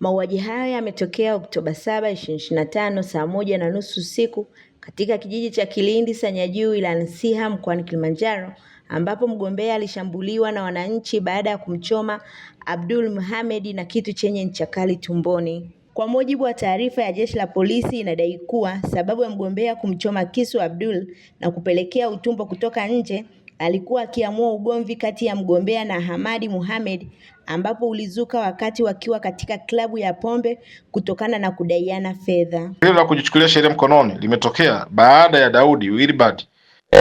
Mauaji hayo yametokea Oktoba 7, 2025 saa moja na nusu usiku katika kijiji cha Kilindi Sanyajuu wilayani Siha mkoani Kilimanjaro ambapo mgombea alishambuliwa na wananchi baada ya kumchoma Abdul Muhammad na kitu chenye ncha kali tumboni. Kwa mujibu wa taarifa ya Jeshi la Polisi inadai kuwa sababu ya mgombea kumchoma kisu Abdul na kupelekea utumbo kutoka nje alikuwa akiamua ugomvi kati ya mgombea na Hamadi Mohamed ambapo ulizuka wakati wakiwa katika klabu ya pombe kutokana na kudaiana fedha. Hilo la kujichukulia sheria mkononi limetokea baada ya Daudi Wilbard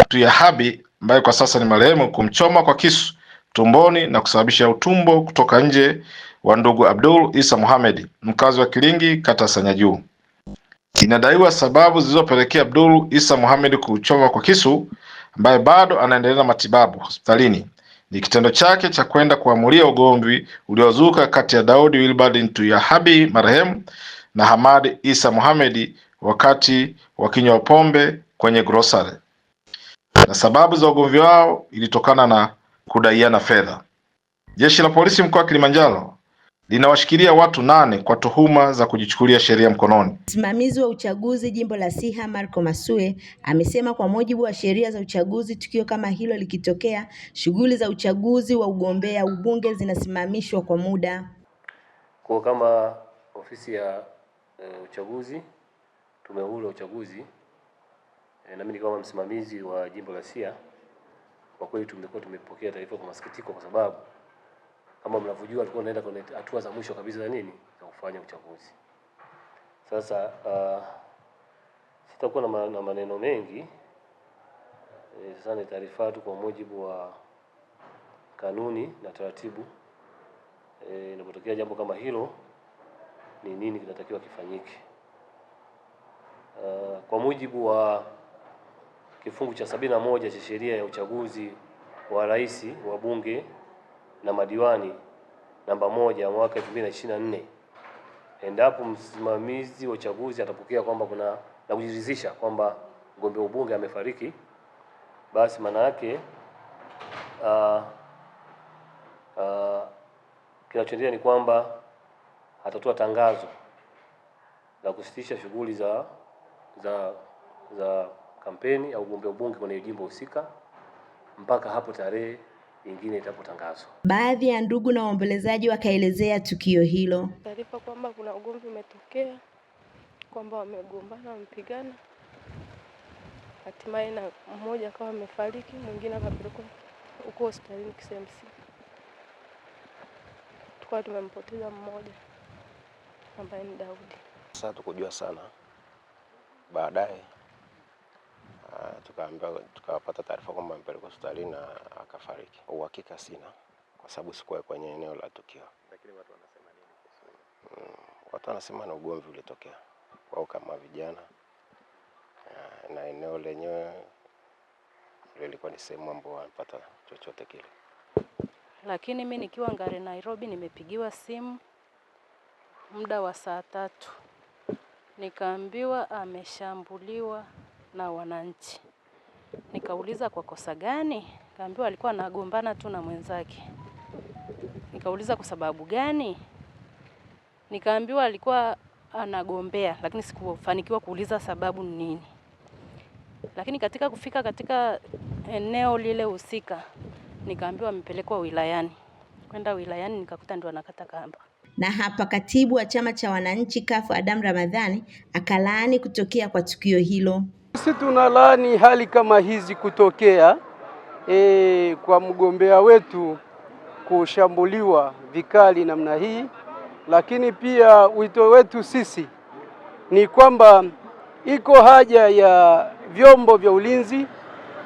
Tuyahabi ambaye kwa sasa ni marehemu kumchoma kwa kisu tumboni na kusababisha utumbo kutoka nje wa ndugu Abdul Isa Mohamed mkazi wa Kilingi kata Sanya Juu. Inadaiwa sababu zilizopelekea Abdul Isa Mohamed kuchoma kwa kisu ambaye bado anaendeleza matibabu hospitalini. Ni kitendo chake cha kwenda kuamulia ugomvi uliozuka kati ya Daudi Wilbard Ntuyehabi marehemu na Hamadi Isa Mohamed wakati wakinywa pombe kwenye grocery, na sababu za ugomvi wao ilitokana na kudaiana fedha. Jeshi la polisi mkoa wa Kilimanjaro linawashikilia watu nane kwa tuhuma za kujichukulia sheria mkononi. Msimamizi wa uchaguzi jimbo la Siha Marco Masue amesema kwa mujibu wa sheria za uchaguzi, tukio kama hilo likitokea, shughuli za uchaguzi wa ugombea ubunge zinasimamishwa kwa muda. Kwa kama ofisi ya e, uchaguzi, tume huru ya uchaguzi e, na mimi kama msimamizi wa jimbo la Siha, kwa kweli tumekuwa tumepokea taarifa kwa masikitiko kwa sababu kama mnavyojua, alikuwa anaenda kwenye hatua za mwisho kabisa za nini za kufanya uchaguzi. Sasa uh, sitakuwa na maneno mengi e, sasa ni taarifa tu kwa mujibu wa kanuni na taratibu e, inapotokea jambo kama hilo ni nini kinatakiwa kifanyike. Uh, kwa mujibu wa kifungu cha sabini na moja cha sheria ya uchaguzi wa rais, wa bunge na madiwani namba moja mwaka 2024 endapo msimamizi wa uchaguzi atapokea kwamba kuna na kujiridhisha kwamba mgombea ubunge amefariki, basi maana yake uh, uh, kinachoendelea ni kwamba atatoa tangazo la kusitisha shughuli za za za kampeni au ugombea ubunge kwenye jimbo husika mpaka hapo tarehe nyingine itapotangazwa. Baadhi ya ndugu na waombolezaji wakaelezea tukio hilo. Taarifa kwamba kuna ugomvi umetokea, kwamba wamegombana, wamepigana, hatimaye na mmoja akawa amefariki, mwingine akapelekwa huko hospitalini KCMC. Tukawa tumempoteza mmoja ambaye ni Daudi. Sasa tukujua sana baadaye tukaambiwa tukapata taarifa kwamba amepelekwa hospitali na akafariki. Uhakika sina kwa sababu sikuwa kwenye eneo la tukio. Lakini watu wanasema nini? Mm, watu wanasema na ugomvi ulitokea wao kama vijana eh, na eneo lenyewe lilikuwa ni sehemu ambayo wanapata chochote kile. Lakini mi nikiwa Ngare Nairobi, nimepigiwa simu muda wa saa tatu nikaambiwa ameshambuliwa na wananchi. Nikauliza kwa kosa gani? Kaambiwa alikuwa anagombana tu na mwenzake. Nikauliza kwa sababu gani? Nikaambiwa alikuwa anagombea, lakini sikufanikiwa kuuliza sababu ni nini. Lakini katika kufika katika eneo lile husika, nikaambiwa amepelekwa wilayani. Kwenda wilayani nikakuta ndio anakata kamba. Na hapa katibu wa chama cha wananchi kafu Adam Ramadhani akalaani kutokea kwa tukio hilo. Sisi tunalaani hali kama hizi kutokea e, kwa mgombea wetu kushambuliwa vikali namna hii, lakini pia wito wetu sisi ni kwamba iko haja ya vyombo vya ulinzi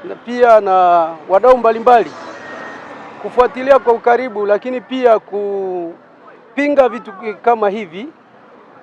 na pia na wadau mbalimbali kufuatilia kwa ukaribu, lakini pia kupinga vitu kama hivi.